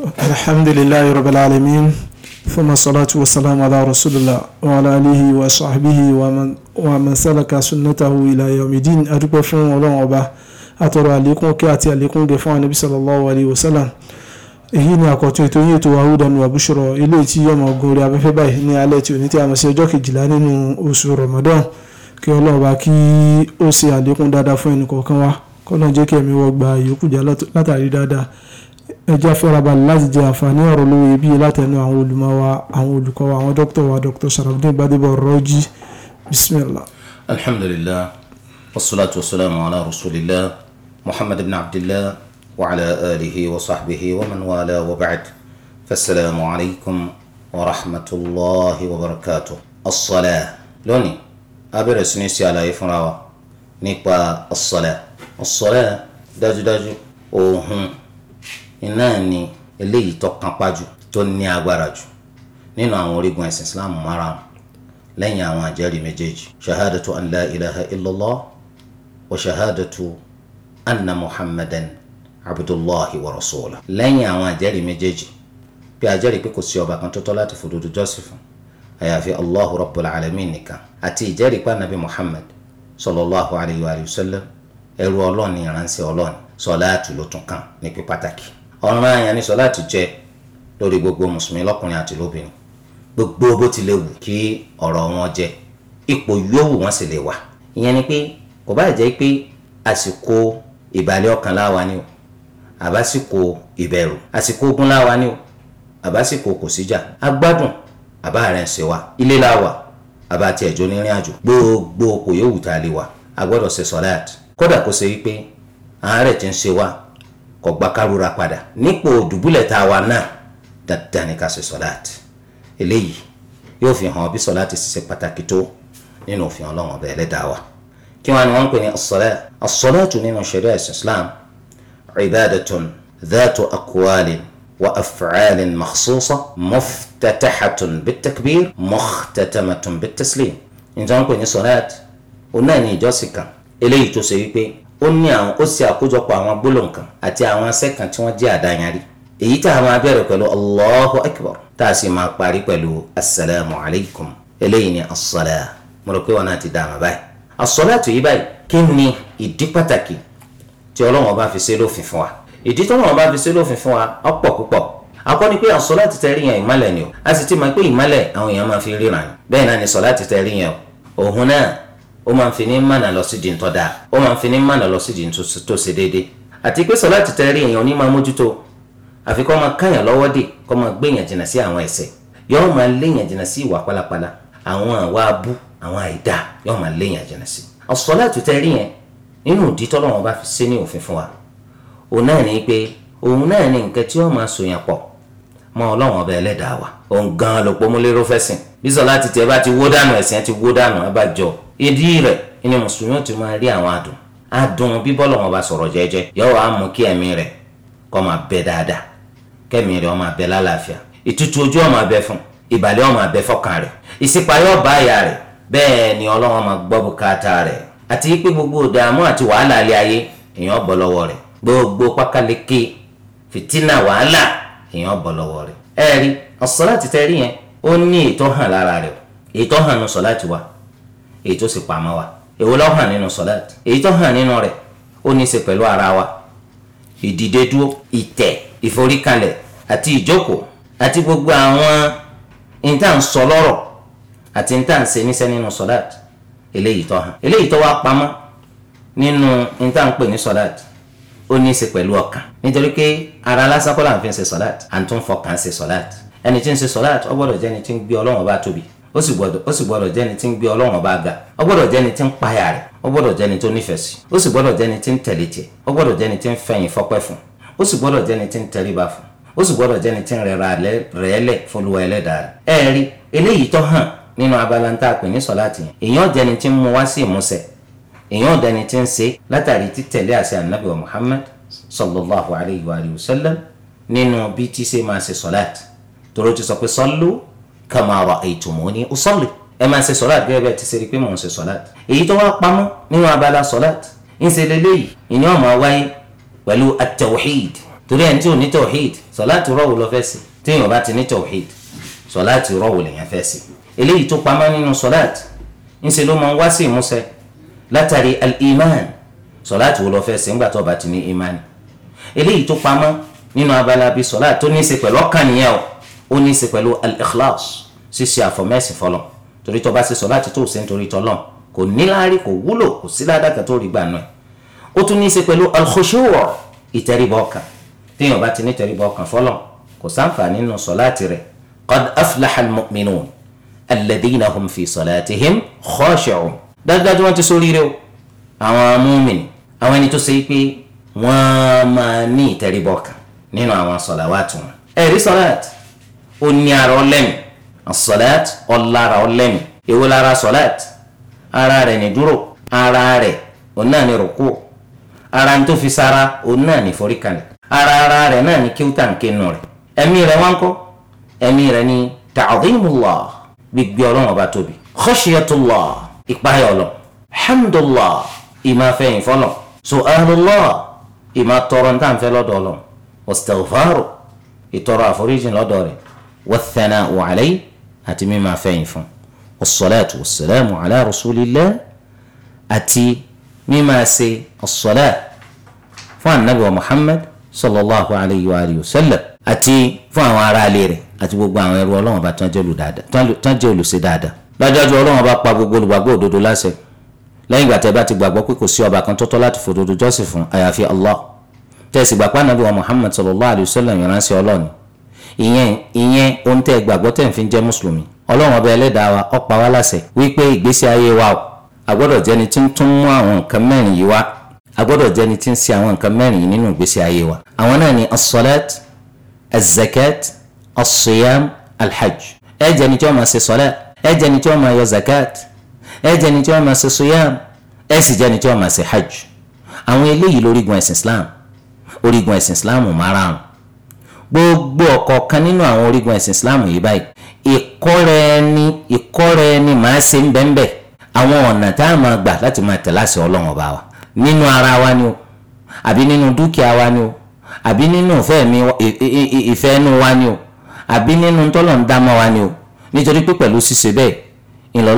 الحمد لله رب العالمين ثم الصلاة والسلام على رسول الله وعلى آله وصحبه ومن ومن سلك سنته إلى يوم الدين أدوبة فون ولون أبا أترى عليكم كاتي عليكم دفاع النبي صلى الله عليه وسلم èyí ni àkọ́tún ètò yìí ètò Hudan wa Bushra ilé tí yọmọ ogun orí afẹ́fẹ́ báyìí ní alẹ́ tí òní tí a mọ̀ sí ọjọ́ kejìlá nínú oṣù Ramadan kí ọlọ́ọ̀bá kí ó ṣe àlékún dáadáa fún ẹnì kọ̀ọ̀kan wa kọ́nà jẹ́ kí ẹ̀mí wọ́n gba ìyókù jà látàrí dáadáa ẹja fẹ́rabalẹ̀ láti jẹ àǹfààní ọ̀rọ̀ lówó iyebíye látẹnu àwọn olùmọ̀ wa àwọn olùkọ́ wa àwọn dókítà wa dr sharafdin gbadebo rọ́jí bisimilah. alhamdulilah wasalaatu wasalaamu ala rasulillah muhammad ibn abdillah wa ala alihi wa sahbihi wa man wala wa ba'd fasalaamu alaykum wa rahmatulahi wa barakatu. asala lónìí a bẹ̀rẹ̀ sí ní fúnra wa nípa asala asala dájúdájú òhun iná ni eléyìí tó kápá jù tó ní agbára jù nínú àwọn orígun ẹ̀sìn islam márùn lẹ́yìn àwọn àjẹ́rìí méjèèjì shahadatu an la ilaha illallah wa shahadatu anna muhammadan abdullahi wa rasulah lẹ́yìn àwọn àjẹ́rìí méjèèjì bí àjẹ́rìí pé kò sí ọba kan tó tọ́ láti fòdodo jọ́sìn fún allahu rabbul alamin nìkan àti ìjẹ́rìí pa nabi muhammad sallallahu alayhi wa sallam ẹrú ọlọ́ọ̀ni ìránṣẹ́ ọlọ́ọ̀ni sọláàtù ló tún kàn ní pípàtàkì ọ̀ràn àyàn ni sọláàtì jẹ́ lórí gbogbo mùsùlùmí lọ́kùnrin àti lóbìnrin gbogbo bó ti lè wù kí ọ̀rọ̀ wọn jẹ ipò yòówù wọn sì lè wà ìyẹn ni pé kò bá jẹ́ pé àsìkò ìbàlẹ̀ ọkàn láwa ni o àbásìkò ìbẹ̀rù àsìkò ogun láwa ni o àbásìkò kò síjà agbádùn àbá rẹ̀ ń ṣe wa ilé láwa àbá tiẹ̀ jó nírìn àjò gbogbo kò yóò wù tá a lè wà a gbọ́dọ̀ ṣe sọ́láàtì kódà kó ṣe wípé àárẹ̀ ti ń ṣe wa kò gba kárura padà nípò dùbúlẹ̀ tá a wà náà dáadáa ní ká ṣe sọ́láàtì eléyìí yóò fi hàn bí sọ́láàtì ṣiṣẹ́ pàtàkì tó nínú òfin ọlọ́run ọbẹ̀ ẹlẹ́dàá wa kí wọ́n ní wọ́n ń pè ní as-salat as-salatu nínú ṣẹ̀ríà ẹ̀sìn islam ibadatun dhatu aqwalin wa af'alin makhsusa muftatahatun bitakbir mukhtatamatun bitaslim ìjọ ń pè ní sọ́láàtì ó náà ní ìjọsìn kan eléyìí tó ṣe wípé ó ní àwọn ó ṣe àkójọpọ̀ àwọn gbólóhùn àti àwọn asẹ́ kan tí wọ́n jẹ́ àdáyanrí èyí tá a máa bẹ̀rẹ̀ pẹ̀lú allahu akbar tá a sì máa parí pẹ̀lú asalaamu alaykum eléyìí ni asọ́lá mo rò pé wọn náà ti dá àmà báyìí asọ́láàtù yìí báyìí kí ni ìdí pàtàkì tí ọlọ́wọ́n bá fi ṣe lófin fún wa ìdí tí ọlọ́wọ́n bá fi ṣe lófin fún wa ọ̀pọ̀ púpọ̀ akọni pé asọ́láàtù tẹ rí yẹn ni o a sì ti mọ̀ pé ìmálẹ̀ àwọn èèyàn máa fi ríran bẹ́ẹ̀ náà ni sọ́láàtù tẹ rí o òhun náà ó máa ń fi ní mànà lọ sídìí tó dáa ó máa ń fi ní mànà lọ sídìí tó ṣe déédéé àti pé sọlá ti tẹ́rí èèyàn ní máa mójútó àfi kó máa káyàn lọ́wọ́ dè kó máa gbéyàn jìnnà sí àwọn ẹ̀ṣẹ̀ yóò máa léyàn jìnnà sí ìwà pálapàla àwọn àwa abú àwọn àìdá yóò máa léyàn jìnnà sí. ọ̀sọ́lá ti tẹ́rí yẹn nínú ìdí tọ́lọ́wọ́n bá fi ṣe ní òfin fún wa òun náà ní pé òun náà ní nǹkan tí wọ́n máa sòyàn pọ̀ mọ́ ọlọ́wọ́n ọba ẹlẹ́dàá wa òun gan-an lòpọ̀ mú fẹ́sìn bí sọlá ti tẹ́ bá ti wó dànù ẹ̀sìn ti wó dànù abájọ́ ìdí rẹ̀ ni mùsùlùmí ti máa rí àwọn adùn adùn bíbọ́ lọ́wọ́n bá sọ̀rọ̀ jẹ́jẹ́ yóò wá mú kí ẹ̀mí k'ọ ma bẹ dáadáa kẹ́mi rẹ̀ bẹ lálàáfíà ìtútù ojú ó ma bẹ fún ìbàlẹ̀ ó máa bẹ rẹ rẹ̀ ìṣípayọ̀ àyà rẹ bẹ́ẹ̀ ni ọlọ́wọ́n máa gbọ́ bùkátà rẹ àti pé gbogbo ìdààmú àti wàhálà ayé èèyàn lọ́wọ́ gbogbo pákáleke fìtínà wàhálà èèyàn lọ́wọ́ ẹ rí ọ̀sán láti yẹn ó ní ètò hàn lára ètò hàn sọ èyí tó sì pamọ́ wa èwo ló hàn nínú sọ̀láàt èyí tó hàn nínú rẹ̀ ó ní í ṣe pẹ̀lú ara wa ìdìde dúró ìtẹ̀ ìforíkalẹ̀ àti ìjókòó àti gbogbo àwọn intan ń sọ lọ́rọ̀ àti ìta ń ṣe níṣẹ́ nínú sọ̀láàt eléyìí tó hàn eléyìí tó wá pamọ́ nínú ìta ń pè ní sọ̀láàt ó ní í ṣe pẹ̀lú ọkàn nítorí pé ara lásán kọ́ là ń fi ṣe sọ̀láàt à ń tún fọkàn ṣe sọ̀láàt ẹni tí ń ṣe sọ̀láàt ó jẹ́ ẹni tí ń gbé Ọlọ́run bá tóbi ó sì gbọ́dọ̀ ó sì gbọ́dọ̀ jẹ́ni tí ń gbé Ọlọ́run bá ga ó gbọ́dọ̀ jẹ́ni tí ń payà rẹ̀ ó gbọ́dọ̀ jẹ́ni tó nífẹ̀ẹ́ sí ó sì gbọ́dọ̀ jẹ́ni tí ń tẹ̀lé tiẹ̀ ó gbọ́dọ̀ jẹ́ni tí ń fẹ̀yìn fọ́pẹ́ fún ó sì gbọ́dọ̀ jẹ́ni tí ń tẹríba fún ó sì gbọ́dọ̀ jẹ́ni tí ń rẹra rẹ̀ẹ́lẹ̀ fọlùwà ẹlẹ́dàá rẹ̀ ẹ rí eléyìí tó hàn nínú abala tá a pè ní sọláàtì yẹn èèyàn jẹ́ni tí ń mú wá sí ìmúṣẹ èèyàn dẹni tí ń ṣe látàrí títẹ̀lé àṣẹ ànábì wa Muhammad sallallahu alayhi wa sallam nínú bí tí ṣe máa ṣe sọláàtì tòró ti sọ pé sọlú kama ra'aytumuni usalli ẹ máa ṣe sọ́láàt gẹ́gẹ́ bẹ́ẹ̀ ti ṣe rí pé mò ń ṣe sọ́láàt èyí tó wá pamọ́ nínú abala sọ́láàt ńṣe lélẹ́yìí ìní ọmọ wáyé pẹ̀lú at-tawhid torí ẹni tí ò ní tawhid sọ́láàt rọ̀wù lọ fẹ́ sí tí èèyàn bá ti ní tawhid sọ́láàt rọ̀wù lèèyàn fẹ́ sí eléyìí tó pamọ́ nínú sọ́láàt ńṣe ló máa ń wá sí ìmúṣẹ látàrí al-iman sọ́láàt wo lọ fẹ́ sí ńgbà tó ó ní í ṣe pẹ̀lú al-ikhlas ṣíṣe àfọ̀mẹ́sì fọlọ́ torí tó bá ṣe sọ̀láàtì tó ṣe nítorí tọ́lọ́ kò níláárí kò wúlò kò sí ládàkà tó rí gbà náà ó tún ní í ṣe pẹ̀lú al-khushu' ìtẹríbọ̀ ọkàn téèyàn bá ti ní ìtẹríbọ̀ ọkàn fọlọ́ kò sáǹfààní nínú sọ̀láàtì rẹ̀ qad aflaha muminun alladhina hum fi salatihim khashi'un dájúdájú wọn ti sóríire o àwọn múmin àwọn ẹni tó ṣe é pé wọ́n máa ní ìtẹríbọ̀ ọkàn nínú àwọn sọ̀làwàtì wọn ẹ̀rí sọ̀láàtì ó ní ara ọlẹ́mì asọ́láàt ọ̀lára ọlẹ́mì èwo lára sọ́láàt ara rẹ̀ ní dúró ara rẹ̀ òun náà ní rúkú ara ní tó fi sára òun náà ní foríkalẹ̀ ara ara rẹ̀ náà ní kíwútà nkénu rẹ̀ ẹ̀mí rẹ̀ wá ń kọ́ ẹ̀mí rẹ̀ ní ta'zimullah gbígbé ọlọ́run ọba tóbi khashiyatullah ìpáyà ọlọ́ hamdullah ìmáfẹ́yìn fọlọ́ su'alullah ìmátọrọ ntàǹfẹ́ lọ́dọ̀ ọlọ́ wastaghfaru ìtọrọ àforíjìn lọ́dọ̀ rẹ̀ والثناء عليه àti mímọ̀ afẹ́yìn fún والصلاة والسلام على رسول الله àti mímọ̀ ṣe الصلاة fún anabi wa muhammad sallallahu alayhi wa alihi wa sallam àti fún àwọn aráalé rẹ̀ àti gbogbo àwọn ẹrú ọlọ́wọ́n bá tán jẹ́ olùṣe dáadáa lọ́jọ́jú ọlọ́wọ́n bá pa gbogbo olùgbàgbọ́ òdodo láṣẹ lẹ́yìn ìgbà tẹ́ bá ti gbàgbọ́ pé kò sí ọba kan tọ́tọ́ láti fòdodo jọ́sìn fún àyàfi allah tẹ̀sí gbàgbọ́ anabi wa muhammad sallallahu alayhi wa sallam ìránṣẹ́ ọlọ́ni ìyẹn ìyẹn ohun tẹ́ gbàgbọ́ tẹ́ ń fi jẹ́ mùsùlùmí ọlọ́run ọba ẹlẹ́dàá wa ó pa wá láṣẹ wípé ìgbésí ayé wa o àgbọ́dọ̀ jẹ́ni tí ń tún mú àwọn nǹkan mẹ́rin yìí wá àgbọ́dọ̀ jẹ́ni tí ń ṣe àwọn nǹkan mẹ́rin yìí nínú ìgbésí ayé wa àwọn náà ni as-salat az-zakat as-siyam al-hajj ẹ jẹ́ni tí wọ́n máa ṣe salat ẹ jẹ́ni tí wọ́n máa yọ zakat ẹ jẹ́ni tí wọ́n máa ṣe siyam ẹ sì jẹ́ni tí wọ́n máa ṣe hajj àwọn eléyìí lórígun ẹ̀sìn islam orígun ẹ̀sìn islam márùn-ún gbogbo ọ̀kọ̀ọ̀kan nínú àwọn orígun ẹ̀sìn islam yìí báyìí ìkọ́ra ẹni ìkọ́ra ẹni máa ṣe ń bẹ́ńbẹ́ àwọn ọ̀nà tá a máa gbà láti máa tẹ̀ láṣẹ ọlọ́run ọba wa nínú ara wa ni o àbí nínú dúkìá wa ni o àbí nínú ìfẹ́ wa ni o àbí nínú tọ́lọ̀ wa ni o nítorí pé pẹ̀lú ṣíṣe bẹ́ẹ̀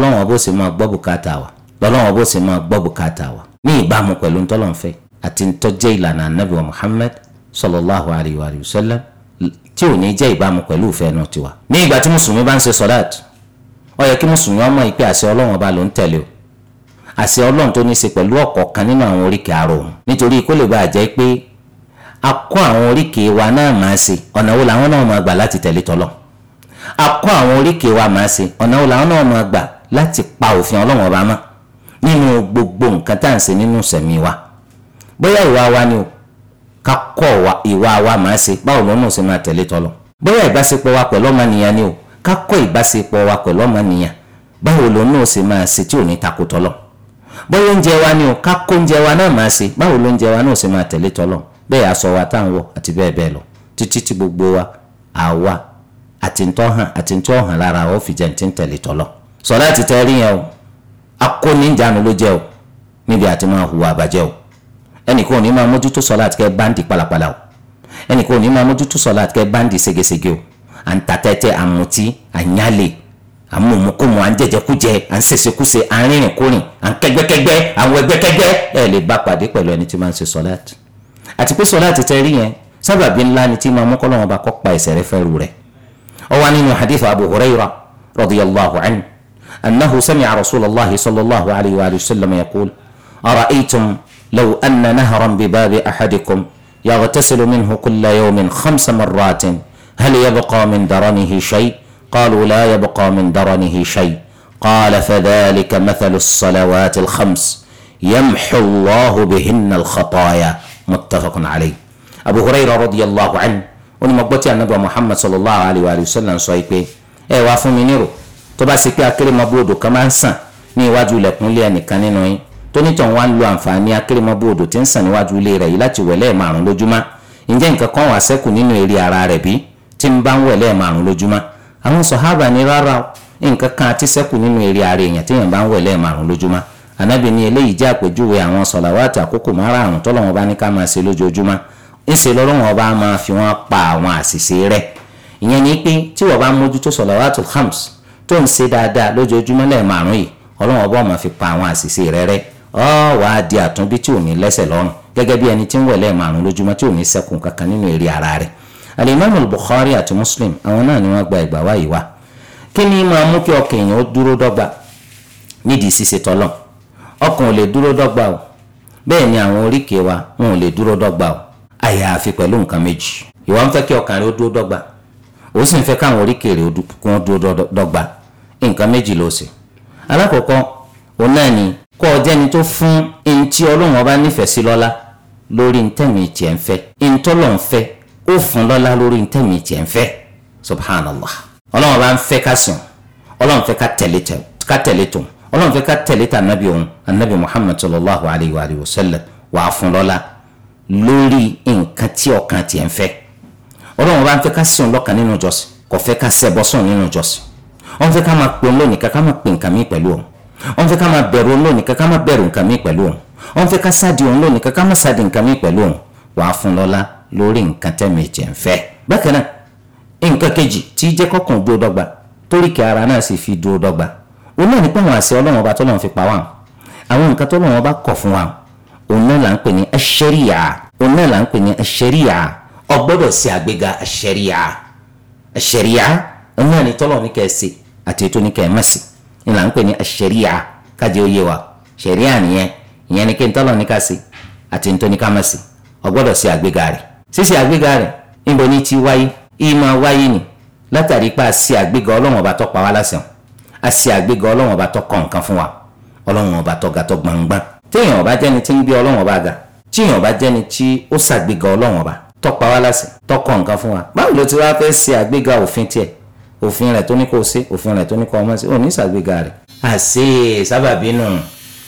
máa gbọ́ bùkátà wa lọ́lọ́run máa gbọ́ bùkátà wa ní ìbámu pẹ̀lú àti wa sallam tí ò ní jẹ́ ìbámu pẹ̀lú ìfẹ́nu tiwa. ní ìgbà tí mùsùlùmí bá ń ṣe sọ́láàtì ó yẹ kí mùsùlùmí ọmọ ìpè àṣẹ ọlọ́run ọba ló ń tẹ̀lé o àṣẹ ọlọ́run tó ní í ṣe pẹ̀lú ọ̀kọ̀ọ̀kan nínú àwọn oríkèé ara òun nítorí kó lè bàa jẹ́ pé a kọ́ àwọn oríkèé wa náà máa ṣe ọ̀nà wo làwọn náà máa gbà láti tẹ̀lé tọ́lọ̀ a kọ́ àwọn oríkèé wa máa ṣe ọ̀nà wo làwọn náà máa gbà láti pa òfin ọlọ́run ọba mọ́ nínú gbogbo nǹkan tá à ń ká kọ́ ìwà wa máa ṣe báwo lọ́nà ṣe máa tẹ̀lé tọ́lọ̀ bóyá ìbáṣepọ̀ wa pẹ̀lú ọmọnìyàn ni o ká kọ́ ìbáṣepọ̀ wa pẹ̀lú ọmọnìyàn báwo lọ́nà ṣe máa ṣe tí ò ní takò tọ́lọ̀ bóyá oúnjẹ wa ni o ká kó oúnjẹ wa náà máa ṣe báwo lóúnjẹ wa náà ṣe máa tẹ̀lé tọ́lọ̀ bẹ́ẹ̀ aṣọ wa tá à ń wọ̀ àti bẹ́ẹ̀ bẹ́ẹ̀ lọ títí tí gbogbo wa àwa àti ń tọ́hàn àti ń tọ́hàn lára wa ó ti ń tẹ̀lé tọ́lọ̀ sọ láti tẹ́ yẹn o akóníjànú ló jẹ́ o níbi àti máa hùwà àbàjẹ́ o ẹnìkan ò ní máa mójútó sọlá àti kẹ báńdì pàlàpàlà o ẹnìkan ò ní máa mójútó sọlá àti kẹ báńdì ségesège o à ń ta tẹ́tẹ́ à ń mutí à ń yálè à ń mọ̀mọ́kọ́mọ à ń jẹjẹkújẹ à ń ṣèṣekúṣe à ń rìnrìn kúrìn à ń kẹgbẹ́kẹgbẹ́ à ń wẹgbẹ́kẹgbẹ́ ẹ lè bá pàdé pẹ̀lú ẹni tí máa ń ṣe sọlá àti pé sọlá àti tẹ́rí yẹn sábàbí ńlá ni tí máa mú kọ́lọ́wọ́n bá kọ́ pa ẹ̀ṣẹ̀ rẹ̀ fẹ́ rú rẹ̀ ó wà nínú لو أن نهرا بباب أحدكم يغتسل منه كل يوم خمس مرات هل يبقى من درنه شيء قالوا لا يبقى من درنه شيء قال فذلك مثل الصلوات الخمس يمحو الله بهن الخطايا متفق عليه أبو هريرة رضي الله عنه oni mo gbọ́ tí محمد صلى الله عليه وآله وسلم sọ pé وافو منيرو fún mi nírò tó bá sì pé akérèmọ́bù odò kan máa tónítàn wa ń lo àǹfààní akérèmọ́bù odò tí ń sàn níwájú ilé rẹ̀ yìí láti wẹ̀ lẹ́ẹ̀márùn lójúmọ́ ǹjẹ́ nǹkan kan wà sẹ́kù nínú eré ara rẹ̀ bí tí ń bá ń wẹ̀ lẹ́ẹ̀márùn lójúmọ́ àwọn sọ̀hábà ní rárá o nǹkan kan àti sẹ́kù nínú eré ara èèyàn tí èèyàn bá ń wẹ̀ lẹ́ẹ̀márùn lójúmọ́ ànábì ní eléyìí jẹ́ àpèjúwe àwọn sọ̀làwátì àkókò márààrún tọ́lọ́wọ́n bá ní ká máa ṣe lójoojúmọ́ ńṣe lọ́lọ́wọ́n bá máa fi wọ́n pa àwọn àṣìṣe rẹ̀ ìyẹn ni pé tí wọ́n bá mójútó sọ̀làwátì khams tó ń ṣe dáadáa lójoojúmọ́ lẹ́ẹ̀márùn yìí ọlọ́wọ́n bá máa fi pa àwọn àṣìṣe rẹ̀ rẹ́ ọ wàá di àtúnbí tí ò ní lẹ́sẹ̀ lọ́rùn gẹ́gẹ́ bí ẹni tí ń wẹ̀lẹ́ márùn lójúmọ́ tí ò ní sẹ́kùn kankan nínú eré ara rẹ̀ alimami Bukhari àti Muslim àwọn náà ni wọ́n gba ìgbà wáyé wa kí ni máa mú kí ọkàn èèyàn ó dúró dọ́gba nídìí ṣíṣe tọ́lọ̀ ọkàn ò lè dúró dọ́gba o bẹ́ẹ̀ ni àwọn oríkèé wa wọn ò lè dúró dọ́gba o àyàfi pẹ̀lú nǹkan méjì ìwọ ń fẹ́ kí ọkàn rẹ ó dúró dọ́gba ó sì ń fẹ́ káwọn oríkèé rẹ kó dúró dọ́gba nǹkan méjì ló ṣe alákọ̀ọ́kọ́ òun náà ni kọ́ ọ jẹ́ni tó fún ẹni tí ọlọ́run ọba nífẹ̀ẹ́ sí lọ́lá lórí ntẹ̀mí tiẹ̀ ń fẹ́ ẹni tọ́lọ̀ ń fẹ́ ó fún lọ́lá lórí ntẹ̀mí tiẹ̀ ń fẹ́ subhanallah ọlọ́run ọba ń fẹ́ ká sùn ọlọ́run fẹ́ ká tẹ̀lé tó ọlọ́run fẹ́ ká tẹ̀lé tà ànábì òun ànábì muhammad sallallahu alayhi wa sallam wàá fún lọ́lá lórí nǹkan tí ọkàn tiẹ̀ ń fẹ́ ọlọ́run ọba ń fẹ́ ká sùn lọ́kàn nínú ìjọsìn kò fẹ́ ká ṣẹbọ sùn nínú ìjọsìn ọ̀n fẹ́ ká máa pè lónìí ká máa pè nǹkan mí pẹ̀lú òun ọ̀n fẹ́ ká máa bẹ̀rù òun lónìí ká máa bẹ̀rù nǹkan mi pẹ̀lú òun ọ̀n fẹ́ ká sáàdì òun lónìí ká máa sáàdì nǹkan mi pẹ̀lú òun wàá fún lọ́lá lórí nǹkan tẹ̀mí jẹ̀ ń fẹ́. bákan náà nǹkan kejì tí jẹ́ kọ́kàn dúró dọ́gba toríkì ara náà sì fi dúró dọ́gba òun náà ní pé àwọn àṣẹ ọlọ́run ọba tọ́lọ́run fi pa wá àwọn nǹkan tọ́lọ́run ọba kọ̀ fún wa òun náà ní ni là ń pè ní àṣẹríà kájí oyé wa ṣẹríà nìyẹn ìyẹn ni kí n tọ́lọ̀ ní sí àti ntọ́ni má sí ọgbọ́dọ̀ sí àgbéga rẹ̀ ṣíṣe àgbéga rẹ̀ níbo ni ti wáyé ìmọ̀ wáyé ni látàrí pé a ṣe àgbéga ọlọ́run ọba tó pa wá lásìkò a ṣe àgbéga ọlọ́run ọba tó kọ nǹkan fún wa ọlọ́run ọba tó ga tó gbangban téèyàn ọba jẹ́ni tí ń gbé ọlọ́run ọba ga tíyàn ọba jẹ́ni tí ó ṣàgbéga ọlọ́run ọba tó wá lásìkò tó nǹkan fún wa báwo ló ti wá fẹ́ ṣe àgbéga òfin tiẹ̀ òfin rẹ̀ tó ní kó o ṣe òfin rẹ̀ tó ní kó o mọ̀ ṣe òní ìṣàgbéga rẹ̀ àṣe sábàbínú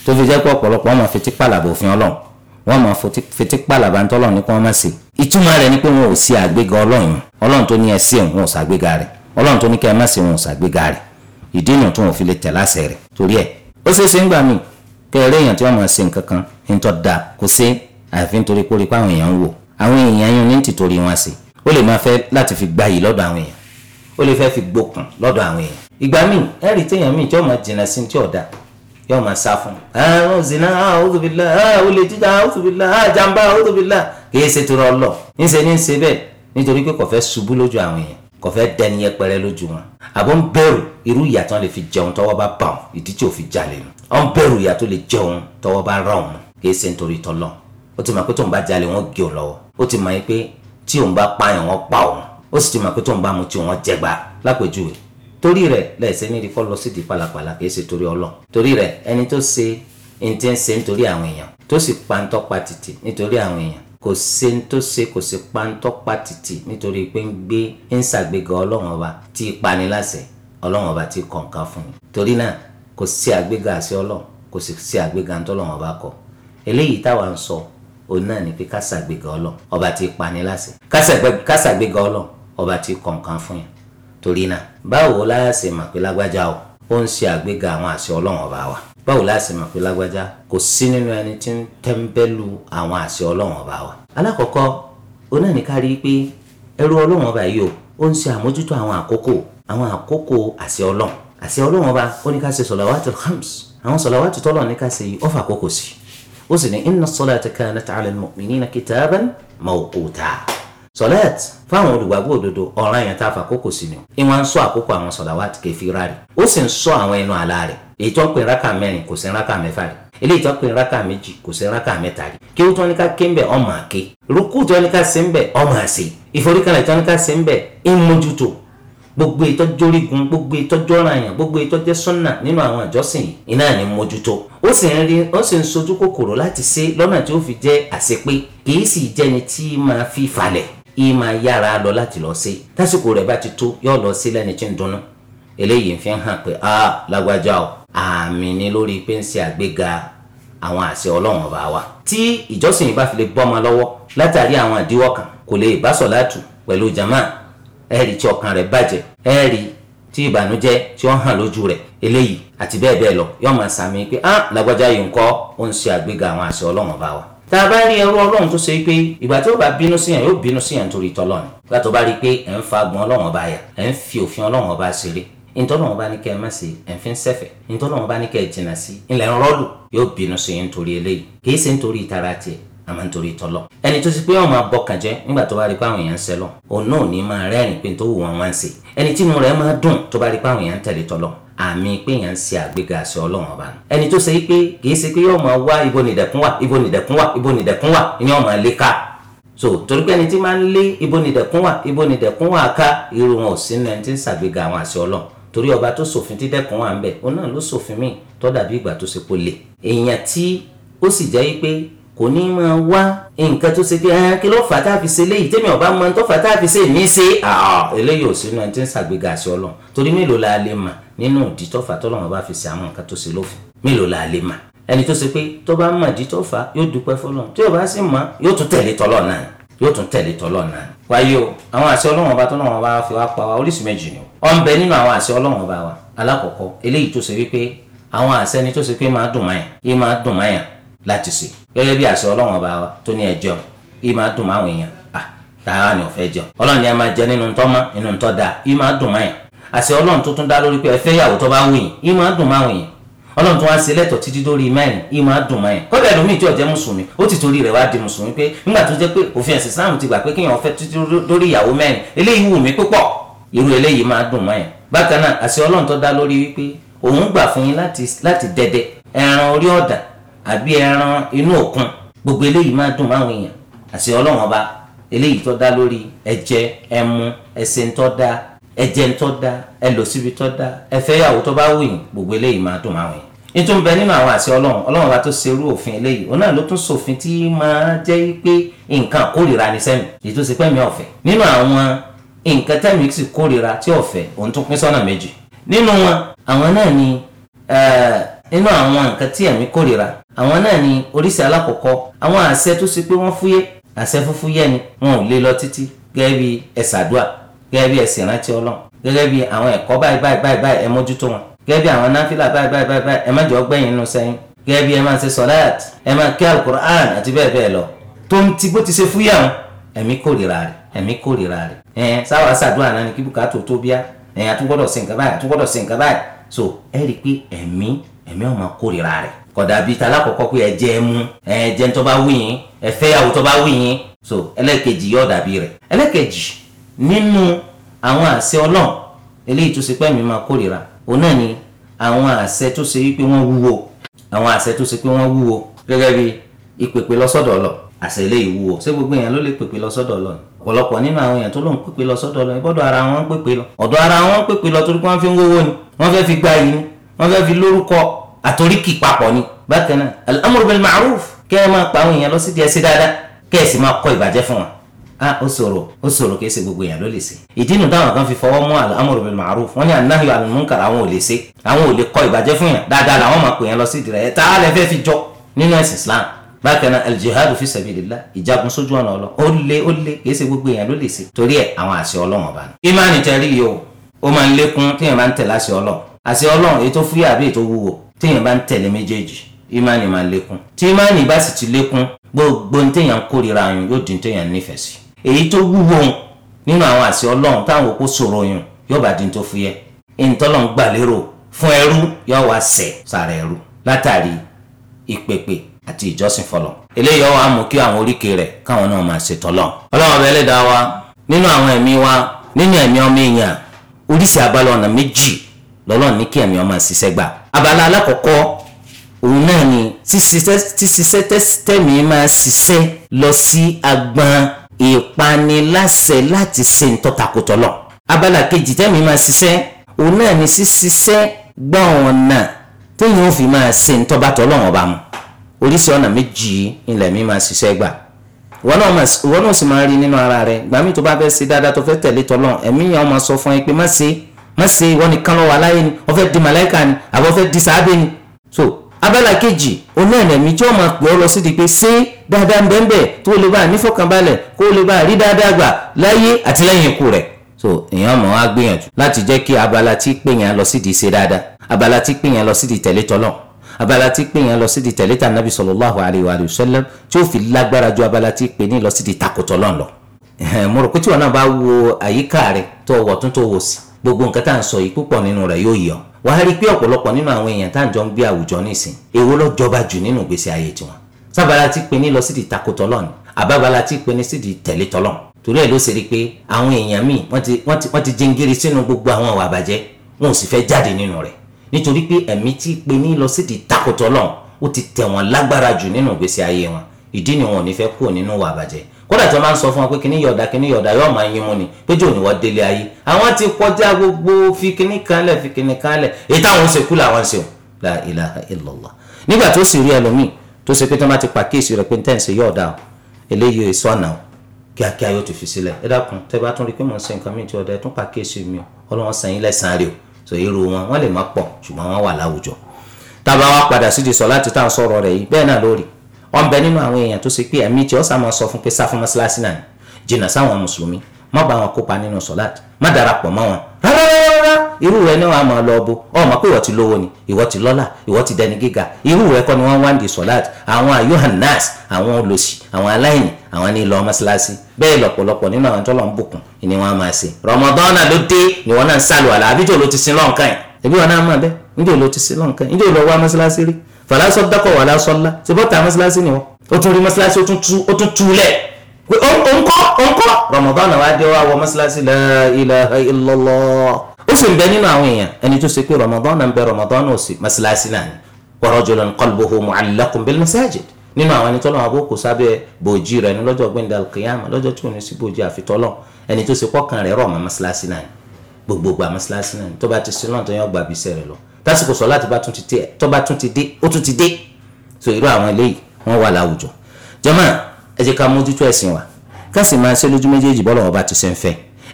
tó fi jẹ́ pé ọ̀pọ̀lọpọ̀ wọn máa fetí pàlàbà òfin ọlọ́run wọn máa fetí pàlàbà ń tọ́lọ̀ ní kó wọ́n má ṣe ìtumọ̀ rẹ̀ ni pé wọn ò ṣe àgbéga ọlọ́run ọlọ́run tó ní ẹ ṣe wọn ò ṣàgbéga rẹ̀ ọlọ́run tó ní kẹ́ ẹ má ṣe wọn ò ṣàgbéga rẹ̀ ìdí nù tó wọn fi lè tẹ̀ láṣẹ rẹ̀ torí ẹ̀ ó ṣeé ṣe ń gbà mí kẹ́ ẹ réèyàn tí wọ́n máa ṣe nǹkan kan ń tọ́ da kò ṣe àfi nítorí kórìí pé àwọn èèyàn ń wò àwọn èèyàn yín ní tìtorí wọn ṣe ó lè máa fẹ́ láti fi gbayì lọ́dọ̀ àwọn èèyàn ó lè fẹ́ fi gbókun lọ́dọ̀ àwọn èèyàn ìgbà míì ẹ̀rí téèyàn míì tí yóò máa jìnnà sí tí ọ̀dà yóò máa sá fún un. ó zina a'udhu billahi ó lè jíjà a'udhu billahi jàmbá a'udhu billahi kìí ṣe tó lọ ńṣe ní ṣe bẹ́ẹ̀ nítorí pé kò fẹ́ ṣubú lójú àwọn èèyàn kò fẹ́ dẹni yẹpẹrẹ lójú wọn àbọ̀ ń bẹ̀rù irú ìyà tó lè fi jẹun tọwọ́ bá bà wọn ìdí tí ò fi jalè nù ọ̀ ń bẹ̀rù ìyà tó lè jẹun tọwọ́ bá rà wọn kìí ṣe nítorí tọ́lọ́ ó ti mọ̀ pé tóun bá jalè wọn gé òun lọ́wọ́ ó ti mọ̀ pé tí òun bá pààyàn wọn pa òun ó sì ti mọ̀ pé tó ń bá mu tí wọ́n jẹ gba lápèjúwe torí rẹ̀ lẹ́sẹ̀ ní ìdíkọ́ lọ sí di pàlàpàlà kìí ṣe torí ọlọ́ torí rẹ̀ ẹni tó ṣe ní ti ń ṣe nítorí àwọn èèyàn tó sì pa ń tọ́pa tìtì nítorí àwọn èèyàn kò ṣe ń tó ṣe kò sì pa ń tọ́pa tìtì nítorí pé ń gbé ń ṣàgbéga ọlọ́run ọba tí í pani láṣẹ ọlọ́run ọba tí í kọ̀ǹkan fún mi torí náà kò sí àgbéga àṣẹ ọlọ́run kò sì sí àgbéga ń tọ́lọ́run ọba kọ eléyìí táwa ń sọ òun náà ni pé ká ṣàgbéga ọlọ́run ọba tí í pani láṣẹ ká ṣàgbéga ọlọ́run ọba ti kọ̀ọ̀kan fún yẹn torí náà báwo la ṣe mọ̀ pé lágbájá o ó ń ṣe àgbéga àwọn àṣẹ ọlọ́run ọba wa báwo la ṣe mọ̀ pé lágbájá kò sí nínú ẹni tí ń tẹ́ńbẹ́lú àwọn àṣẹ ọlọ́run ọba wa. alákọ̀ọ́kọ́ onáníká rí i pé ẹrú ọlọ́run ọba yìí o ó ń ṣe àmójútó àwọn àkókò àwọn àkókò àṣẹ ọlọ́run àṣẹ ọlọ́run ọba ó ní ká ṣe sọ̀làwátì khams àwọn sọ̀làwátì tọ́lọ̀ ní ká ṣe ọ̀fà àkókò sí ó sì ní inna as sọlẹ́t fáwọn olùgbàgbọ́ òdodo ọ̀ràn yẹn tá a fà kókò sí ni ìwọ̀n ń sọ àkókò àwọn sọ̀làwátì kẹfìrà rẹ̀ ó sì ń sọ àwọn ẹnu àlá rẹ̀ èyí tó ń pè rákà mẹ́rin kò sí rákà mẹ́fà rẹ̀ eléyìí tó ń pè rákà méjì kò sí rákà mẹ́ta rẹ̀ kí ó tó ní ká ké ń bẹ̀ ọmọ àké rúkú tó ní ká sí ń bẹ̀ ọmọ àsè ìforíkalẹ̀ tó ní ká sí ń bẹ̀ ìmójútó gbogbo ìtọ́jú orígun gbogbo ìtọ́jú ọ̀ranyàn gbogbo ìtọ́jú sọ́nà nínú àwọn àjọsìn iná ní mójútó ó sì ń rí ó sì ń sojú kòkòrò láti ṣe lọ́nà tí ó fi jẹ́ àṣepé kì í sì jẹ́ni tí máa fi falẹ̀ í máa yára lọ láti lọ sí tásìkò rẹ̀ bá ti tó yóò lọ sí lẹ́ni tí ń dunnú eléyìí fi hàn pé a lágbájá o àmì ni lórí pé ń ṣe àgbéga àwọn àṣẹ ọlọ́run ọba wa tí ìjọsìn yìí bá fi lè bọ́mọ lọ́wọ́ látàrí àwọn àdíwọ́ kan kò lè bá sọ̀látù pẹ̀lú jama ẹ̀rí tí ọkàn rẹ̀ bàjẹ́ ẹ̀rí tí ìbànújẹ́ tí ó hàn lójú rẹ̀ eléyìí àti bẹ́ẹ̀ bẹ́ẹ̀ lọ yóò máa sàmì pé ah lágbájá yìí ń kọ́ ó ń ṣe àgbéga àwọn àṣẹ ọlọ́run ọba wa tá a bá rí ẹrú ọlọ́run tó ṣe pé ìgbà tí ó bá bínú sí yàn yóò bínú sí yàn nítorí tọ́lọ́run ìgbà tó bá rí i pé ẹ̀ ń fa agbọn ọlọ́run ọba yà ẹ̀ ń fi òfin ọlọ́run ọba ṣeré ntọ́lọ́wọ́n bá ní kẹ́ ẹ má ṣe ẹ̀fín sẹ́fẹ̀ ntọ́lọ́wọ́n bá ní kẹ́ ẹ jìnnà sí ilẹ̀ ń rọ́ọ̀lù yóò bínú sí yín nítorí eléyìí kìí ṣe nítorí ìtara tiẹ̀ àmọ́ nítorí tọ́lọ̀ ẹni tó ti pé ọmọ abọ́kàn jẹ́ nígbà tó bá rí páwọn èèyàn ń ṣẹlọ òun náà ní máa rẹ́rìn pé tó wù wọn wá ń ṣe ẹni tí inú rẹ̀ máa dùn tó bá rí páwọn èèyàn ń tẹ̀lé tọ́lọ̀ àmì pé èèyàn ń ṣe àgbéga sí ọlọ́run ọba ẹni tó ṣe pé kì í ṣe pé yóò máa wá ibo nìdẹ̀kún wà ibo nìdẹ̀kún wà ibo nìdẹ̀kún wà ni yóò máa lé ká so torí pé ẹni tí máa ń lé ibo nìdẹ̀kún wà ibo nìdẹ̀kún wà ká irú wọn ò sí ní ẹni tí ń ṣàgbéga àwọn àṣẹ ọlọ́run torí ọba tó ṣòfin tí dẹ́kun wà ń bẹ̀ òun náà ló ṣòfin míì tó dàbí ìgbà tó ṣe kó le èèyàn tí ó sì jẹ́ pé kò ní máa wá nǹkan tó ṣe pé ẹn kí ló fà tá a fi ṣe léyìí tèmi ọba mọ tó fà tá a fi ṣe mí ṣe eléyìí ò sínú ẹni tí ń ṣàgbéga àṣẹ ọlọ́run torí mélòó la lè mà nínú ìdítọ́fà tọ́lọ́wọ́n bá fi ṣe àwọn nǹkan tó ṣe lófin mélòó la lè mà ẹni tó ṣe pé tó bá mọ̀ ìdítọ́fà yóò dúpẹ́ fọlọ́n tí yóò bá sì mọ̀ yóò tún tẹ̀lé tọ́lọ́ náà yóò tún tẹ̀lé tọ́lọ́ náà. wáyé o àwọn àṣẹ ọlọ́wọ́n bá tọ́lọ́wọ́n bá fi wá pa wa oríṣi méjì ni ó ń bẹ nínú àwọn àṣẹ ọlọ́wọ́n bá wa alákọ̀ọ́kọ́ eléyìí tó ṣe wípé àwọn àṣẹ ni tó ṣe pé máa dùn máyà yìí máa dùn máyà láti ṣe gẹ́gẹ́ bí àṣẹ ọlọ́wọ́n bá wa tó ní ẹ jẹun yìí máa dùn máwọn èèyàn ah tààrà ni ò fẹ́ jẹun ọlọ́run ni ẹ máa jẹ nínú ntọ́ mọ́ nínú ntọ́ dáa yìí máa dùn máyà àṣẹ ọlọ́run tó tún dá lórí pé ẹ fẹ́ yàwó tó bá wù yín yín máa dùn máa wù yín ọlọ́run tó wá sí lẹ́tọ̀ títí dórí mẹ́rin yín máa dùn máa yín kọ́dà ẹlòmíì tí ó jẹ́ mùsùlùmí ó ti torí rẹ̀ wá di mùsùlùmí pé nígbà tó jẹ́ pé òfin ẹ̀sìn Islam ti gbà pé kéèyàn fẹ́ títí dórí ìyàwó mẹ́rin eléyìí wù mí púpọ̀ irú eléyìí máa dùn máa yín bákan náà àṣẹ ọlọ́run tó dá lórí wípé òun gbà fún yín láti dẹdẹ ẹran orí ọ̀dà àbí ẹran inú òkun gbogbo eléyìí máa dùn máa wù yín àṣẹ ọlọ́run ọba eléyìí tó dá lórí ẹ̀jẹ̀ ẹmu ẹ̀sìn tó dáa ẹ jẹ ń tọ́ da ẹ lọ síbi tọ́ da ẹ fẹ́ yàwó tó bá wù yín gbogbo eléyìí máa dùn máa wìn nítorí bẹ nínú àwọn àṣẹ ọlọ́run ọlọ́run bá tó ṣerú òfin eléyìí òun náà ló tún ṣòfin tí máa jẹ́ pé nǹkan kórìíra ni sẹ́mi èyí tó ṣe pẹ́mi ọ̀fẹ́ nínú àwọn nǹkan tẹ́mi sì kórìíra tí ọ̀fẹ́ òun tún pín sọ́nà méjì nínú wọn àwọn náà ni eh, nínú àwọn nǹkan tí ẹ̀mí kórìíra àwọn náà ni oríṣi alákọ̀ọ́kọ́ àwọn àṣẹ tó ṣe pé wọ́n fúyẹ́ àṣẹ fúnfún yẹ́ni wọn ò lè lọ títí gẹ́gẹ́ bí ẹ̀sàdúà gẹ́gẹ́ bí ẹ̀sìn rántí ọlọ́run gẹ́gẹ́ bí àwọn ẹ̀kọ́ báyìí báyìí báyìí báyìí ẹ mójútó wọn gẹ́gẹ́ bí àwọn náfìlà báyìí báyìí báyìí ẹ má jẹ́ ọgbẹ́yìn inú sẹ́yìn gẹ́gẹ́ bí ẹ máa ṣe sọ́láàt ẹ máa kí alukur'an àti bẹ́ẹ̀ bẹ́ẹ̀ lọ tó ń ti bó ti ṣe fúyà wọn ẹ̀mí kórìíra rẹ̀ ẹ̀mí kórìíra rẹ̀ ẹ̀ sáwà sàdúrà náà ni kí bùkátà tó bíá ẹ̀ àtúgbọ́dọ̀ ṣe nǹkan báyìí so ẹ rí i pé ẹ̀mí ẹ̀mí ọ̀ma kórìíra rẹ̀ kódà bíi ta alákọ̀ọ́kọ́ pé ẹ̀jẹ̀ ẹ mú ẹ̀jẹ̀ tó bá wù yín ẹ̀fẹ́yàwó tó bá wù yín so ẹlẹ́ẹ̀kejì yóò dàbí rẹ̀ nínú àwọn àṣẹ ọlọ́run eléyìí tó ṣe pé mi máa kórìíra òun náà ni àwọn àṣẹ tó ṣe wípé wọ́n wúwo àwọn àṣẹ tó ṣe pé wọ́n wúwo gẹ́gẹ́ bí ìpèpè lọ́sọ̀dọ̀ ọlọ àṣẹ eléyìí wúwo ṣé gbogbo èèyàn ló lè pèpè lọ́sọ̀dọ̀ ọlọ ọ̀pọ̀lọpọ̀ nínú àwọn èèyàn tó lòun pèpè lọ́sọ̀dọ̀ ọlọ ìbọ̀dọ̀ ara wọn pèpè lọ ọ̀dọ̀ ara wọn pèpè lọ torí wọ́n fi ń wówó ni wọ́n fẹ́ fi gba yìí ni wọ́n fẹ́ fi lórúkọ àtoríkì papọ̀ ni bákan náà al-amru bil ma'ruf kẹ́ ẹ máa pa àwọn èèyàn lọ sí díẹ̀ sí dáadáa kẹ́ ẹ sì máa Ah, ó ṣòro ó ṣòro kìí ṣe gbogbo èèyàn ló lè ṣe ìdí nu táwọn kan fi fọwọ́ mú al-amru bil ma'ruf wọ́n ní an-nahyu anil munkar àwọn ò lè ṣe àwọn ò lè kọ ìbàjẹ́ fún yàn dáadáa làwọn máa pè yẹn lọ sí ìdìrẹ ẹ tá a lè fẹ́ fi jọ nínú ẹ̀sìn Islam bákan náà al fi sabilillah ìjagun sójú ọ̀nà ọlọ ó lé ó lé kìí ṣe gbogbo èèyàn ló lè ṣe torí ẹ àwọn àṣẹ Ọlọ́run ọba ni. gbogbo téèyàn kórira àyùn yóò dín téèyàn nífẹ̀ẹ́ sí èyí tó wúwo nínú àwọn àṣẹ ọlọ́run táwọn òkú sòrò yùn yóò bá dín tó fúyẹ́ ìǹtọ́lọ́n gbà lérò fún ẹrú yóò wá sẹ̀ sára ẹrú látàrí ìpèpè àti ìjọsìn fọlọ eléyìí ọwọ àmú kí àwọn oríkèé rẹ̀ káwọn náà máa ṣètò lọ. ọlọ́run ọbẹ̀ ẹlẹ́dàá wa nínú àwọn ẹ̀mí wa nínú ẹ̀mí ọmọ èèyàn oríṣi abala ọ̀nà méjì lọ́lọ́run ní kí ẹ̀mí ọmọ ṣiṣẹ́ gbà. abala alákọ̀ọ́kọ́ òun náà ni ṣíṣiṣẹ́ tẹ́mí máa ṣiṣẹ́ lọ sí agbọn ìpaniláṣẹ láti ṣe ntọ́takùtọ̀ lọ. abala kejì tẹ́mi máa ṣiṣẹ́ òun náà ni ṣíṣiṣẹ́ gbá ọ̀nà téèyàn ò fi máa ṣe ntọ́bàtọ̀ lọ́wọ́n bá mu oríṣi ọ̀nà méjì ilẹ̀ mi máa ṣiṣẹ́ gbà wọ́n náà sì máa rí nínú ara rẹ̀ gbàmí tó bá fẹ́ ṣe dáadáa tó fẹ́ tẹ̀lé tọ́lọ́ ẹ̀mí yẹn ọmọ sọ fún ẹ pé má ṣe má ṣe ìwọ nìkan lọ́wọ́ aláyé ni wọ́n fẹ́ di màláìka ni àbọ̀ fẹ́ di sàábẹ́ ni. so abala kejì onáìlẹ̀mí tí wọ́n máa pè ọ́ lọ sí di pé ṣé dáadáa ń bẹ́ẹ̀ bẹ́ẹ̀ tó lè bá nífọ̀kànbalẹ̀ kó lè bá rí dáadáa gbà láyé àti lẹ́yìn ikú rẹ̀ so èèyàn mọ̀ á gbìyànjú láti jẹ́ kí abala tí pèèyàn lọ sídìí ṣe dáadáa abala tí pèèyàn lọ sídìí tẹ̀lé tọ́lọ̀ abala tí pèèyàn lọ sídìí tẹ̀lé tà nàbì sallallahu alayhi wa sallam tí ó fi lágbára ju abala tí pè ní lọ sídìí takòtọ́ lọ́n lọ. mo rò pé tí wọn náà bá wo àyíká rẹ tó wọ̀ tún tó wò sí gbogbo nǹkan tá à ń sọ yìí púpọ̀ nínú rẹ̀ yóò yọ wàá rí i pé ọ̀pọ̀lọpọ̀ nínú àwọn èèyàn tá à ń jọ ń gbé àwùjọ nísìn èwo ló jọba jù nínú ìgbésí ayé tiwọn sábàlá tí pinni lọ sídìí takòtọ́ lọ́nà àbábàlá tí pinni sídìí tẹ̀lé tọ́lọ́ torí ẹ̀ ló ṣe rí i pé àwọn èèyàn míì wọ́n ti jẹ́ngiri sínú gbogbo àwọn àwọn àbàjẹ́ wọn ò sì fẹ́ jáde nínú rẹ̀ nítorí pé ẹ̀mí tí pinni lọ sídìí takòtọ́ lọ́nà ó ti tẹ̀ wọ́n lágbára jù nínú ìgbésí ayé wọn ìdí ni wọn ò ní fẹ́ kúrò nínú wà bàjẹ́ kódà tó máa ń sọ fún wọn pé kíní yọ̀dà kíní yọ̀dà yóò máa yín mú ni péjọ ni wọ́n délé ayé àwọn ti kọjá gbogbo fi kíní kanlẹ̀ fi kíní kanlẹ̀ èyí táwọn ń ṣe kú làwọn ń ṣe o la ilaha illallah nígbà tó sì rí ẹlòmíì tó ṣe pé tó máa ti pàkíyèsí rẹ̀ pé ní tẹ̀sí yóò dà o eléyìí èso ọ̀nà o kíákíá yóò ti fi sílẹ̀ ẹ dákun tẹ́ bá tún rí pé mò ń ṣe nǹkan mìíràn tí ọ̀dà ẹ tún pàkíyèsí mi o ọlọ́wọ́n sàn yín lẹ́sàn-án rè o sọ èrò wọn wọ́n lè má pọ̀ ṣùgbọ́n wọ́n wà láwùjọ tábà wá padà sídìí sọ láti tá à ń sọ̀rọ̀ rẹ̀ yìí bẹ́ẹ̀ náà lórí wọ́n bẹ nínú àwọn èèyàn tó ṣe pé ẹ̀mí tí ó sá máa sọ fún pé sá fún mọ́ṣáláṣí náà jìnnà sáwọn mùsùlùmí má bá wọn kópa nínú sọ̀láàtì má darapọ̀ mọ́ wọn rárá rárá irú rẹ ni wọn máa lọ bo ọmọ pé ìwọ ti lówó ni ìwọ ti lọ́lá ìwọ ti dẹni gíga irú rẹ kọ́ ni wọ́n wáǹdì sọ̀láàtì àwọn ayohanas àwọn olòṣì àwọn aláìní àwọn ní lọ mọ́ṣáláṣí bẹ́ẹ̀ lọ́pọ̀lọpọ̀ nínú àwọn tọ́lọ̀ ń bùkún ni wọ́n máa ṣe rọmọdọ́nà ló dé ni wọ́n náà ń sálù àlà àbíjọ́ ló ti sin lọ́nkàn yìí ẹbí wọn náà máa bẹ́ níjọ́ ló ti wa dé wá wọ mọ́ṣáláṣí la ilaha illallah ó sì ń bẹ nínú àwọn èèyàn ẹni tó ṣe pé Ramadan náà ń bẹ Ramadan náà sì masalasi náà ni wa rajulan qalbuhu mu'allaqun bil masajid nínú àwọn ẹni tọ́lọ́ àbó kò sábẹ́ bòjì rẹ̀ ní lọ́jọ́ gbẹ̀ndà kìyàmà lọ́jọ́ tí òun sí bòjì àfitọ́lọ́ ẹni tó ṣe pọ́kàn rẹ̀ rọ̀ mọ́ mọ́ṣáláṣí náà gbogbo gba mọ́ṣáláṣí náà tó bá ti sin náà tó yàn gba àbísẹ́ rẹ̀ lọ tásìkò sọ láti bá tún ti dé ó irú àwọn eléyìí wọ́n wà láwùjọ. jọ́mọ́ ẹ jẹ́ ká mójútó ẹ̀sìn wa ká sì máa ṣe lójú méjèèjì bọ́lọ̀ ọba ti ṣe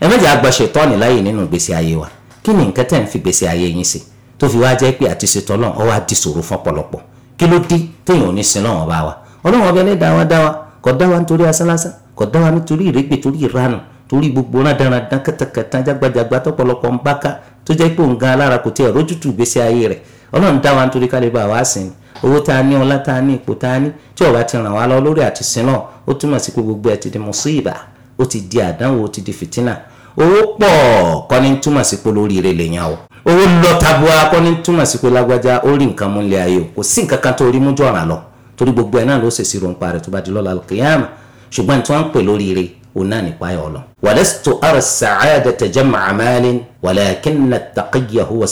ẹ méjì àgbà ṣètọ́ọ̀nì láyè nínú ìgbésí ayé wa kí ni nǹkan tẹ̀ ń fi gbèsè ayé yín sí tó fi wá jẹ́ pé àti ṣètò ọlọ́run ọ wá di ṣòro fún ọ̀pọ̀lọpọ̀ kí ló dé téèyàn ní sin lọ́wọ́n bá wa ọlọ́run ọbẹ̀ lẹ́dàá wa dá wa kò dá wa nítorí asánlásán kò dá wa nítorí ìrégbè torí ìranù torí gbogbo rádaràdán kẹtẹkẹtẹ jágbajàgba tọ̀pọ̀lọpọ̀ ń bá ká tó jẹ́ pé òǹgan alára kò tiẹ̀ rójútù ìgbésí ayé rẹ̀ ọlọ́run dá wa nítorí ká lè bá wa sìn owó tá a ní ọlá tá a ní ipò tá a ní tí ọba ti ràn wá lọ lórí àti náà ó túmọ̀ sí pé gbogbo ẹ ti di mùsíbà ó ti di àdánwò ó ti di fìtínà owó pọ̀ kọ́ni túmọ̀ sí pé lóríire lèèyàn o owó lọ tabua kọ́ni túmọ̀ sí pé lágbájá ó rí nǹkan mú nílé ayé o kò sí nǹkan kan tó rí mújú ọ̀ràn lọ torí gbogbo ẹ̀ náà ló ṣèṣì ronpa rẹ̀ tó bá di lọ́la kìyàmà ṣùgbọ́n tí wọ́n ń pè lóríire o náà nípa ẹ̀ ọ̀lọ́. walastu ara as-sa'adata jam'a malin walakinna at-taqiyya huwa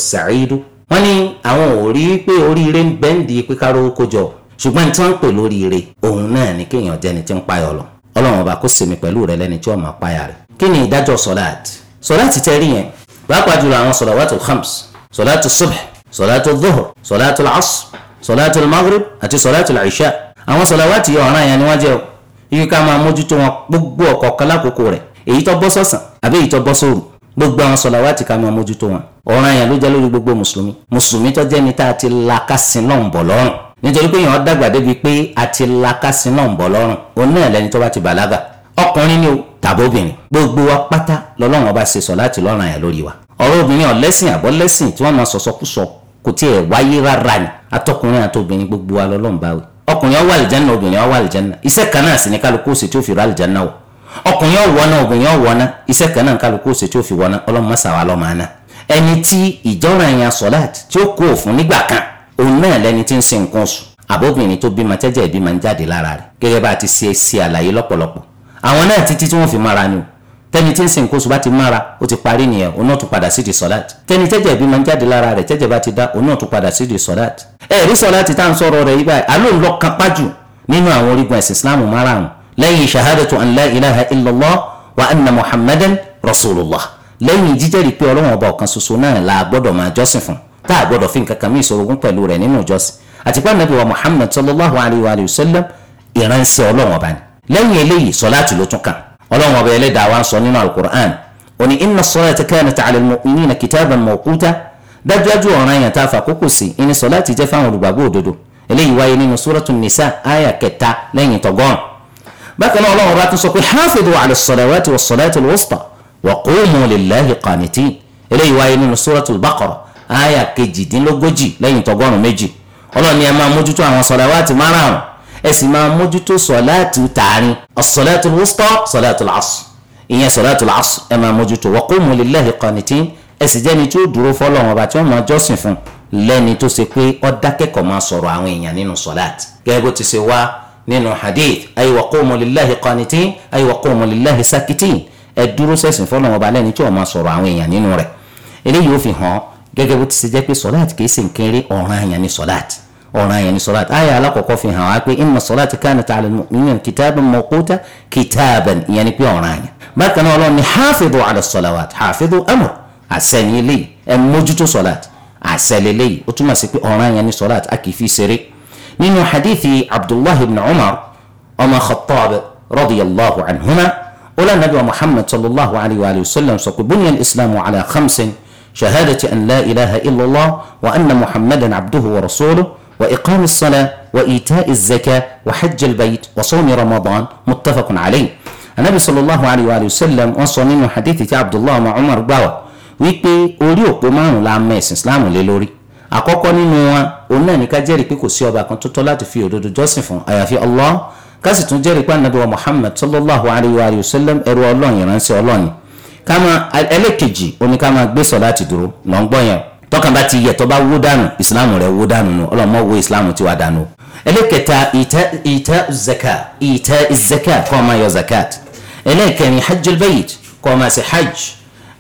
wọ́n ní kí ni ìdájọ́ sọ̀láàtì sọ̀láàtì tẹ́ rí yẹn pàápàá jùlọ àwọn sọ̀làwátù khams sọ̀láàtù subh sọ̀láàtù dhuhr sọ̀láàtù asr sọ̀láàtù maghrib àti sọ̀láàtù isha àwọn sọ̀làwátì yẹn ọ̀ràn yẹn ni wọ́n jẹ́ o yíyí ká máa mójútó wọn gbogbo ọ̀kọ̀ọ̀kan lákòókò rẹ̀ èyí tó bọ́ sọ̀sán àbí èyí tó bọ́ sóòrù gbogbo àwọn sọ̀làwátì ká máa mójútó wọn ọ̀ràn yẹn ló jẹ́ lórí gbogbo mùsùlùmí mùsùlùmí tó jẹ́ ni tá a ti lakásí náà ń bọ̀ lọ́rùn nítorí pé èèyàn dàgbà débi pé a ti lakásí náà ń bọ̀ lọ́rùn òun náà lẹni tó bá ti bàlágà ọkùnrin ni o tàbóbìnrin gbogbo wa pátá lọ́lọ́run ọba ṣe sọ̀láàtì lọ́ràn yẹn lórí wa ọ̀rọ̀ obìnrin ọ̀lẹ́sìn àbọ̀lẹ́sìn tí wọ́n máa sọ̀sọkúsọ kò tiẹ̀ wáyé rárá ni atọkùnrin àtobìnrin gbogbo wa lọ́lọ́run bá wí ọkùnrin ọwọ́ àlìjánná obìnrin ọwọ́ àlìjánná iṣẹ́ kan náà sì ni kálukú ṣe tí ó fi rà àlìjánná wọ̀ ọkùnrin ọwọ́ náà obìnrin ọwọ́ náà iṣẹ́ kan náà kálukú ṣe tí ó fi wọ̀ náà ọlọ́run mọ́sà wa lọ́mọ àná ẹni tí ìjọ́ra yẹn sọ̀láàtì tí ó kó òfun nígbà kan òun náà lẹni àwọn náà títí tí wọ́n fi mára ni o tẹni tí ń sìn kóso bá ti mára ó ti parí nìyẹn òun náà tún padà sídìí sọ́láàtì tẹni tẹ́jẹ̀ bí máa ń jáde lára rẹ̀ tẹ́jẹ̀ bá ti dá òun náà tún padà sídìí sọ́láàtì. ẹ̀rí sọ́láàtì tá à ń sọ̀rọ̀ rẹ̀ yìí báyìí lọ kápá jù nínú àwọn orígun ẹ̀sìn islam márùn-ún lẹ́yìn shahadatu an la ilaha wa anna muhammadan rasulullah lẹ́yìn jíjẹ́rìí pé ọlọ́run ọba ọ̀kan lẹ́yìn eléyìí sọláàtì ló tún kàn ọlọ́run ọba ẹlẹ́dàá wa ń sọ nínú alukur'an òní inna as-salata kanat 'ala al-mu'minina kitaban mawquta dájúdájú ọ̀ràn yẹn tá a fà kókò sí ìní sọláàtì jẹ́ fáwọn olùgbàgbọ́ òdodo eléyìí wáyé nínú suratu nisa aya kẹta lẹ́yìn tọgọ́rùn bákan náà ọlọ́run ọba tún sọ pé hafidu 'ala as-salawati was-salati al-wusta wa qumu lillahi ẹ sì máa mójútó sọ̀láàtì tààrin as-salatu al-wusta salatu al-asr ìyẹn salatu al-asr ẹ máa mójútó wa qumu lillahi qanitin ẹ sì jẹ́ni tí ó dúró fọlọ́run ọba tí wọ́n máa jọ́sìn fún lẹ́ni tó ṣe pé ó dákẹ́kọ̀ọ́ máa sọ̀rọ̀ àwọn èèyàn nínú sọ̀láàtì gẹ́gẹ́ bó ti ṣe wá nínú hadith ay wa qumu lillahi qanitin ay wa qumu tí وما يعني صلاة آية لا فيها واقعي إن الصلاة كانت على المؤمنين كتابا موقوتا كتابا يعني كي وما يعني ما كانوا على حافظوا على الصلوات حافظوا أمر عسلي لي موجود صلاة عسلي لي وتما سيكي وما يعني صلاة أكي في سري من حديث عبد الله بن عمر أما خطاب رضي الله عنهما ولا نبي محمد صلى الله عليه وآله وسلم سقط بني الإسلام على خمس شهادة أن لا إله إلا الله وأن محمدا عبده ورسوله وإقام الصلاة وإيتاء الزكاة وحج البيت وصوم رمضان متفق عليه النبي صلى الله عليه وآله وسلم وصى منه حديث عبد الله وعمر باوى wípé orí òpó márùn la للوري ẹ̀sìn islam lé lórí àkọ́kọ́ nínú wọn òun náà ní ká jẹ́rìí pé kò sí ọba kan tó tọ́ láti fi òdodo jọ́sìn fún àyàfi Allah ká sì tún jẹ́rìí pé anabi wa muhammad sallallahu alayhi wa sallam ẹrú ọlọ́run ìránṣẹ́ ọlọ́run ká máa ẹlẹ́kejì oní ká máa gbé sọ láti yẹn tọkàn bá ti yẹ tó bá wó dànù islam rẹ wó dànù nù ọlọmọ wo islam tiwa dànù ẹlẹ́kẹta ìtẹ́ ìtẹ́ zaka ìtẹ́ zaka kọ́ máa yọ zakat ẹlẹ́kẹrin hajjul bayt kọ́ máa ṣe hajj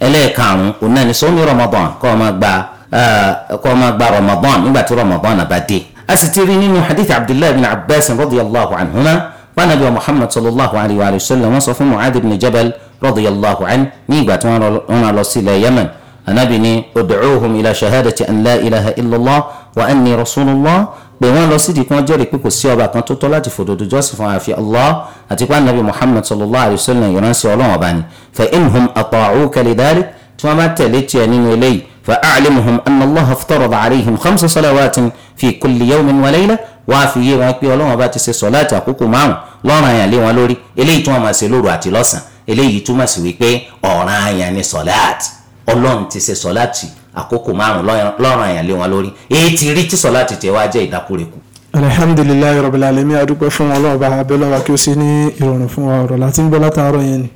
ẹlẹ́karùn-ún ọ̀nà ni sọ́mi ramadan kọ́ máa gba uh, kọ́ máa gba ramadan nígbà tí ramadan bá dé. a sì ti rí nínú hadith abdullahi bin abbas radiyallahu anhuma wọn nàbí wa muhammad sallallahu alayhi wa sallam wọn sọ fún mu'adh ibn jabal radiyallahu anhu ní ìgbà tí wọn lọ sílẹ̀ yemen أنا بني أدعوهم إلى شهادة أن لا إله إلا الله وأني رسول الله بمعنى سيدي كون جاري بكو سيابا كون توتولا تفوتو جوسف في الله أتيكو النبي محمد صلى الله عليه وسلم يرانسي علوم أباني فإنهم أطاعوك لذلك فما تلت يعني إلي فأعلمهم أن الله افترض عليهم خمس صلوات في كل يوم وليلة وفي يوم أكبر علوم أباتي سي صلاة أكوكو معه لانا يعني ولوري إلي توما سي لورو أتلوسا إلي توما سي ويكي أورا يعني صلاتي ọlọ́run ti ṣe sọ́láàtì àkókò márùn lọ́rùn àyàn lé wọn lórí èyí ti rí tí sọ́láàtì tẹ wá jẹ́ ìdákúrekù. alihamdulilayi rabbil alamin adúpẹ́ fún ọlọ́ọ̀bá abẹ́lọ́wà kí ó ṣe ní ìrọ̀rùn fún wa ọ̀rọ̀ láti ń gbọ́ látàárọ̀ yẹn ni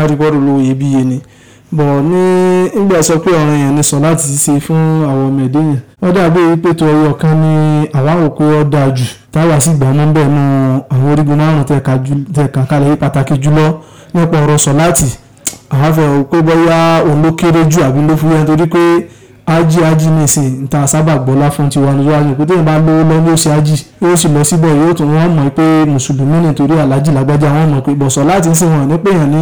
àrígbọ́rù ló yẹ bí yẹn ni bọ̀ ní ìgbà sọ pé ọ̀ràn yẹn ni sọ́láàtì ti ṣe fún àwọn ọmọ ẹ̀dẹ́ yẹn wọ́n dàbí pé tó ọyọ kan ní àwa òkú ọ dáa jù táwa sì gbà mọ́ bẹ́ẹ̀ nu àwọn orígun márùn-ún tẹ̀ka kalẹ̀ pàtàkì jùlọ nípa ọ̀rọ̀ sọ́láàtì àwọn fẹ́ rò pé bóyá òun ló kéré jù àbí ló fúyẹ́ nítorí pé ájì ájì nìsín níta sábà gbọ́lá fún tiwa lójú ájì pé téèyàn bá lówó lọ yóò ṣe ájì yóò sì lọ síbọ̀ yóò tún wọ́n mọ̀ pé mùsùlùmí nítorí aláàjì lágbájá wọ́n mọ̀ pé bọ̀sọ̀ láti ń sìn wọ́n ní pèèyàn ní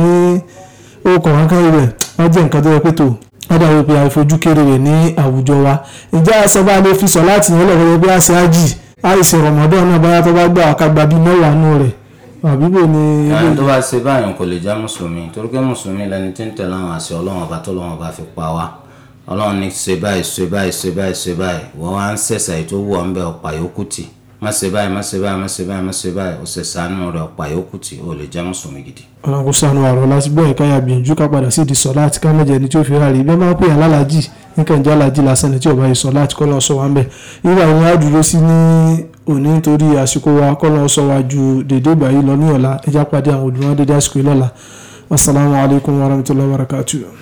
orúkọ wọn kan rẹ̀ wọ́n jẹ́ nǹkan tó yẹ pé tó wọ́n dàbí pé àìfojú kéré rẹ̀ ní àwùjọ wa ìjà sábà lè fi sọ láti yẹn lọ́wọ́ àbíbò ah, ni. ẹni tó bá ṣe báyìí kò lè já mùsùlùmí torí pé mùsùlùmí lẹni tí ń tẹ̀lé àwọn àṣẹ ọlọ́run ọba tó lọ́wọ́ ọba fi pa wá ọlọ́run ní ṣe báyìí ṣe báyìí ṣe báyìí ṣe báyìí wọ́n wá ń ṣẹ̀ṣà èyí tó wù ọ́ ń bẹ ọ̀pá yòókù tì má ṣe báyìí má ṣe báyìí má ṣe báyìí má ṣe báyìí ó ṣe sànú rẹ̀ ọ̀pá yòókù tì ó lè já mùsùlùmí gidi. ọlọ́run kò àrò láti gbọ́ ẹ̀ka yà gbìyànjú ká padà sí ìdí láti ká mẹ́jẹ ni tí ó fi rárí bẹ́ẹ̀ máa pè é alálàájì nǹkan ìjà aláàjì lásán ni tí ò bá yìí sọ láti kọ́ lọ́ọ́ wá ń bẹ̀ irú àwọn adúró sí ní òní nítorí àsìkò wa kọ́lọ́ sọ wa ju dèdè ìgbà yìí lọ ní ọ̀la ẹja pàdé àwọn olùwọ́n dédé àsìkò yìí lọ́la wasalaamualeykum warahmatulahi wabarakatuh.